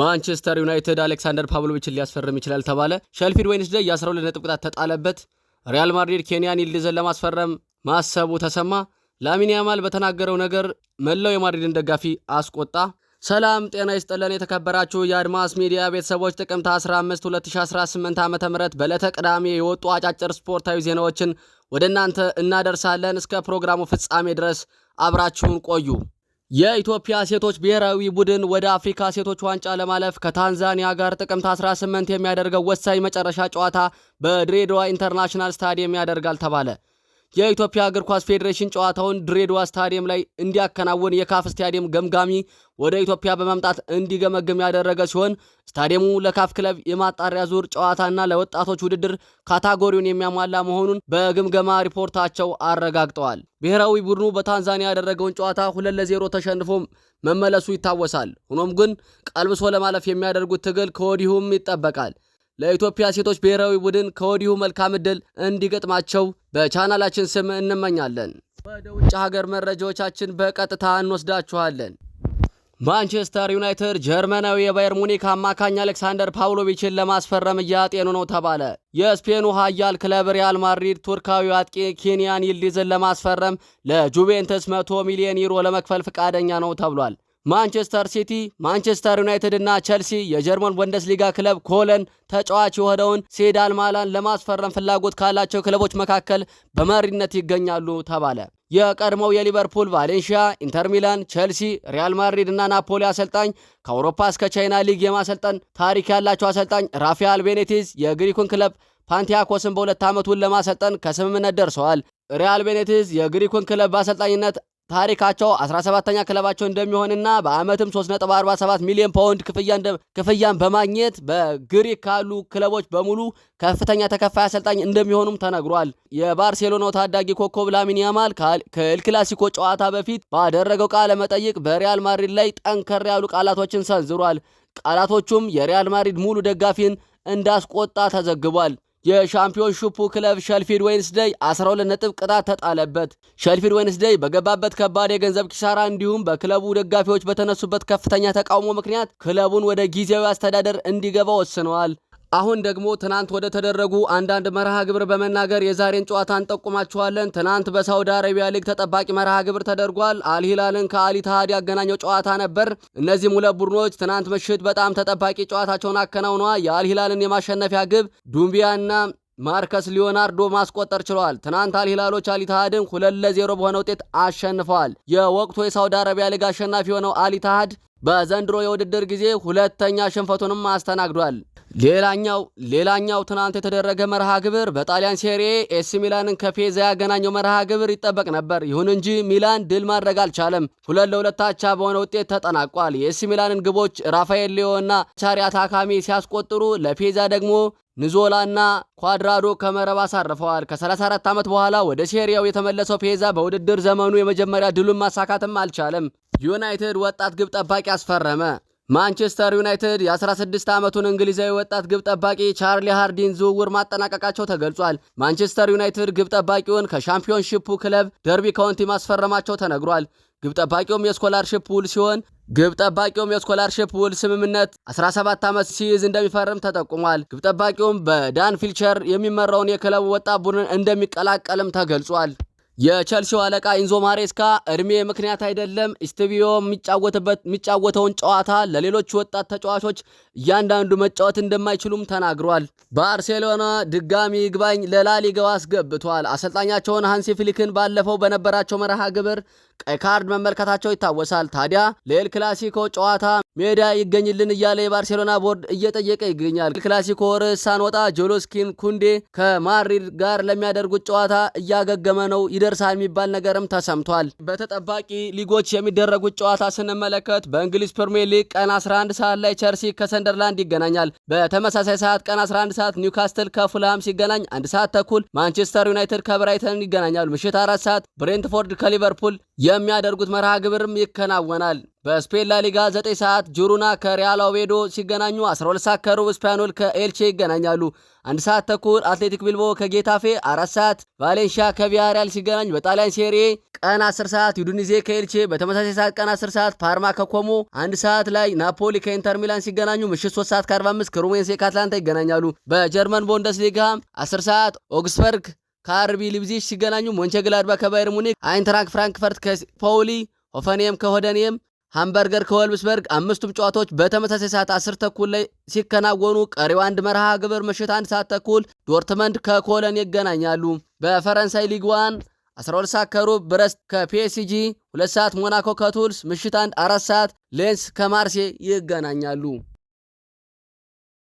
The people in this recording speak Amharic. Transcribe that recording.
ማንቸስተር ዩናይትድ አሌክሳንደር ፓብሎቪችን ሊያስፈርም ይችላል ተባለ። ሼልፊልድ ዌንስደይ የ12 ነጥብ ቅጣት ተጣለበት። ሪያል ማድሪድ ኬንያን ይልድዝን ለማስፈረም ማሰቡ ተሰማ። ላሚን ያማል በተናገረው ነገር መላው የማድሪድን ደጋፊ አስቆጣ። ሰላም ጤና ይስጥልን የተከበራችሁ የአድማስ ሚዲያ ቤተሰቦች ጥቅምት 15 2018 ዓ ም በዕለተ ቅዳሜ የወጡ አጫጭር ስፖርታዊ ዜናዎችን ወደ እናንተ እናደርሳለን። እስከ ፕሮግራሙ ፍጻሜ ድረስ አብራችሁን ቆዩ። የኢትዮጵያ ሴቶች ብሔራዊ ቡድን ወደ አፍሪካ ሴቶች ዋንጫ ለማለፍ ከታንዛኒያ ጋር ጥቅምት 18 የሚያደርገው ወሳኝ መጨረሻ ጨዋታ በድሬዳዋ ኢንተርናሽናል ስታዲየም ያደርጋል ተባለ። የኢትዮጵያ እግር ኳስ ፌዴሬሽን ጨዋታውን ድሬድዋ ስታዲየም ላይ እንዲያከናውን የካፍ ስታዲየም ገምጋሚ ወደ ኢትዮጵያ በመምጣት እንዲገመግም ያደረገ ሲሆን ስታዲየሙ ለካፍ ክለብ የማጣሪያ ዙር ጨዋታና ለወጣቶች ውድድር ካታጎሪውን የሚያሟላ መሆኑን በግምገማ ሪፖርታቸው አረጋግጠዋል። ብሔራዊ ቡድኑ በታንዛኒያ ያደረገውን ጨዋታ ሁለት ለዜሮ ተሸንፎ መመለሱ ይታወሳል። ሆኖም ግን ቀልብሶ ለማለፍ የሚያደርጉት ትግል ከወዲሁም ይጠበቃል። ለኢትዮጵያ ሴቶች ብሔራዊ ቡድን ከወዲሁ መልካም እድል እንዲገጥማቸው በቻናላችን ስም እንመኛለን። ወደ ውጭ ሀገር መረጃዎቻችን በቀጥታ እንወስዳችኋለን። ማንቸስተር ዩናይትድ ጀርመናዊ የባየር ሙኒክ አማካኝ አሌክሳንደር ፓውሎቪችን ለማስፈረም እያጤኑ ነው ተባለ። የስፔኑ ኃያል ክለብ ሪያል ማድሪድ ቱርካዊ አጥቂ ኬንያን ይልዲዝን ለማስፈረም ለጁቬንትስ 100 ሚሊዮን ዩሮ ለመክፈል ፈቃደኛ ነው ተብሏል። ማንቸስተር ሲቲ፣ ማንቸስተር ዩናይትድ እና ቸልሲ የጀርመን ቡንደስሊጋ ክለብ ኮለን ተጫዋች የሆነውን ሴዳል ማላን ለማስፈረም ፍላጎት ካላቸው ክለቦች መካከል በመሪነት ይገኛሉ ተባለ። የቀድሞው የሊቨርፑል፣ ቫሌንሺያ፣ ኢንተር ሚላን፣ ቸልሲ፣ ሪያል ማድሪድ እና ናፖሊ አሰልጣኝ ከአውሮፓ እስከ ቻይና ሊግ የማሰልጠን ታሪክ ያላቸው አሰልጣኝ ራፋኤል ቤኔቲዝ የግሪኩን ክለብ ፓንቲያኮስን በሁለት ዓመቱን ለማሰልጠን ከስምምነት ደርሰዋል። ሪያል ቤኔቲዝ የግሪኩን ክለብ በአሰልጣኝነት ታሪካቸው 17 ተኛ ክለባቸው እንደሚሆንና በአመትም 3.47 ሚሊዮን ፓውንድ ክፍያን በማግኘት በግሪክ ካሉ ክለቦች በሙሉ ከፍተኛ ተከፋይ አሰልጣኝ እንደሚሆኑም ተነግሯል። የባርሴሎናው ታዳጊ ኮከብ ላሚን ያማል ከኤል ክላሲኮ ጨዋታ በፊት ባደረገው ቃለ መጠይቅ በሪያል ማድሪድ ላይ ጠንከር ያሉ ቃላቶችን ሰንዝሯል። ቃላቶቹም የሪያል ማድሪድ ሙሉ ደጋፊን እንዳስቆጣ ተዘግቧል። የሻምፒዮንሺፑ ክለብ ሸልፊድ ዌንስደይ 12 ነጥብ ቅጣት ተጣለበት። ሸልፊድ ዌንስደይ በገባበት ከባድ የገንዘብ ኪሳራ እንዲሁም በክለቡ ደጋፊዎች በተነሱበት ከፍተኛ ተቃውሞ ምክንያት ክለቡን ወደ ጊዜያዊ አስተዳደር እንዲገባ ወስነዋል። አሁን ደግሞ ትናንት ወደ ተደረጉ አንዳንድ መርሃ ግብር በመናገር የዛሬን ጨዋታ እንጠቁማችኋለን። ትናንት በሳውዲ አረቢያ ሊግ ተጠባቂ መርሃ ግብር ተደርጓል። አልሂላልን ከአሊ ታሃድ ያገናኘው ጨዋታ ነበር። እነዚህም ሁለት ቡድኖች ትናንት ምሽት በጣም ተጠባቂ ጨዋታቸውን አከናውነዋል። የአልሂላልን የማሸነፊያ ግብ ዱምቢያና ማርከስ ሊዮናርዶ ማስቆጠር ችለዋል። ትናንት አልሂላሎች አሊታሃድን ሁለት ለዜሮ በሆነ ውጤት አሸንፈዋል። የወቅቱ የሳውዲ አረቢያ ሊግ አሸናፊ የሆነው አሊታሃድ በዘንድሮ የውድድር ጊዜ ሁለተኛ ሽንፈቱንም አስተናግዷል። ሌላኛው ሌላኛው ትናንት የተደረገ መርሃ ግብር በጣሊያን ሴሪኤ ኤሲ ሚላንን ከፔዛ ያገናኘው መርሃ ግብር ይጠበቅ ነበር። ይሁን እንጂ ሚላን ድል ማድረግ አልቻለም። ሁለት ለሁለት አቻ በሆነ ውጤት ተጠናቋል። የኤሲ ሚላንን ግቦች ራፋኤል ሊዮና ቻሪ አታካሚ ሲያስቆጥሩ ለፔዛ ደግሞ ንዞላና ኳድራዶ ከመረብ አሳርፈዋል። ከ34 ዓመት በኋላ ወደ ሴሪያው የተመለሰው ፔዛ በውድድር ዘመኑ የመጀመሪያ ድሉን ማሳካትም አልቻለም። ዩናይትድ ወጣት ግብ ጠባቂ አስፈረመ። ማንቸስተር ዩናይትድ የ16 ዓመቱን እንግሊዛዊ ወጣት ግብ ጠባቂ ቻርሊ ሃርዲን ዝውውር ማጠናቀቃቸው ተገልጿል። ማንቸስተር ዩናይትድ ግብ ጠባቂውን ከሻምፒዮንሺፑ ክለብ ደርቢ ካውንቲ ማስፈረማቸው ተነግሯል። ግብ ጠባቂውም የስኮላርሽፕ ውል ሲሆን ግብ ጠባቂውም የስኮላርሽፕ ውል ስምምነት 17 ዓመት ሲይዝ እንደሚፈርም ተጠቁሟል። ግብ ጠባቂውም በዳን ፊልቸር የሚመራውን የክለቡ ወጣት ቡድን እንደሚቀላቀልም ተገልጿል። የቸልሲው አለቃ ኢንዞ ማሬስካ እድሜ ምክንያት አይደለም፣ ኢስቲቪዮ የሚጫወተውን ጨዋታ ለሌሎች ወጣት ተጫዋቾች እያንዳንዱ መጫወት እንደማይችሉም ተናግሯል። ባርሴሎና ድጋሚ ይግባኝ ለላሊጋው አስገብቷል። አሰልጣኛቸውን ሃንሲ ፍሊክን ባለፈው በነበራቸው መርሃ ግብር ቀይ ካርድ መመልከታቸው ይታወሳል። ታዲያ ለኤል ክላሲኮ ጨዋታ ሜዳ ይገኝልን እያለ የባርሴሎና ቦርድ እየጠየቀ ይገኛል። ክላሲኮ ርዕስ ሳንወጣ ጆሎስኪን ኩንዴ ከማድሪድ ጋር ለሚያደርጉት ጨዋታ እያገገመ ነው ይደ ይደርሳል የሚባል ነገርም ተሰምቷል። በተጠባቂ ሊጎች የሚደረጉት ጨዋታ ስንመለከት በእንግሊዝ ፕሪሚየር ሊግ ቀን 11 ሰዓት ላይ ቸልሲ ከሰንደርላንድ ይገናኛል። በተመሳሳይ ሰዓት ቀን 11 ሰዓት ኒውካስትል ከፉልሃም ሲገናኝ፣ አንድ ሰዓት ተኩል ማንቸስተር ዩናይትድ ከብራይተን ይገናኛሉ። ምሽት አራት ሰዓት ብሬንትፎርድ ከሊቨርፑል የሚያደርጉት መርሃ ግብርም ይከናወናል። በስፔን ላሊጋ 9 ሰዓት ጁሩና ከሪያል ኦቬዶ ሲገናኙ 12 ሰዓት ከሩብ ስፓኖል ከኤልቼ ይገናኛሉ። አንድ ሰዓት ተኩል አትሌቲክ ቢልቦ ከጌታፌ፣ አራት ሰዓት ቫሌንሺያ ከቪያሪያል ሲገናኝ በጣሊያን ሴሪ ቀን 10 ሰዓት ዩዱኒዜ ከኤልቼ፣ በተመሳሳይ ሰዓት ቀን 10 ሰዓት ፓርማ ከኮሞ፣ አንድ ሰዓት ላይ ናፖሊ ከኢንተር ሚላን ሲገናኙ ምሽት 3 ሰዓት ከ45 ክሩሜንሴ ከአትላንታ ይገናኛሉ። በጀርመን ቡንደስሊጋ 10 ሰዓት ኦግስበርግ ከአርቢ ሊብዚሽ ሲገናኙ ሞንቸግላድባ ከባየር ሙኒክ፣ አይንትራንክ ፍራንክፈርት ከፓውሊ ሆፈንየም ከሆደንየም ሃምበርገር ከወልብስበርግ አምስቱም ጨዋታዎች በተመሳሳይ ሰዓት አስር ተኩል ላይ ሲከናወኑ ቀሪው አንድ መርሃ ግብር ምሽት አንድ ሰዓት ተኩል ዶርትመንድ ከኮለን ይገናኛሉ። በፈረንሳይ ሊግ ዋን 12 ሰዓት ከሩብ ብረስት ከፒኤስጂ፣ 2 ሰዓት ሞናኮ ከቱልስ፣ ምሽት አንድ አራት ሰዓት ሌንስ ከማርሴ ይገናኛሉ።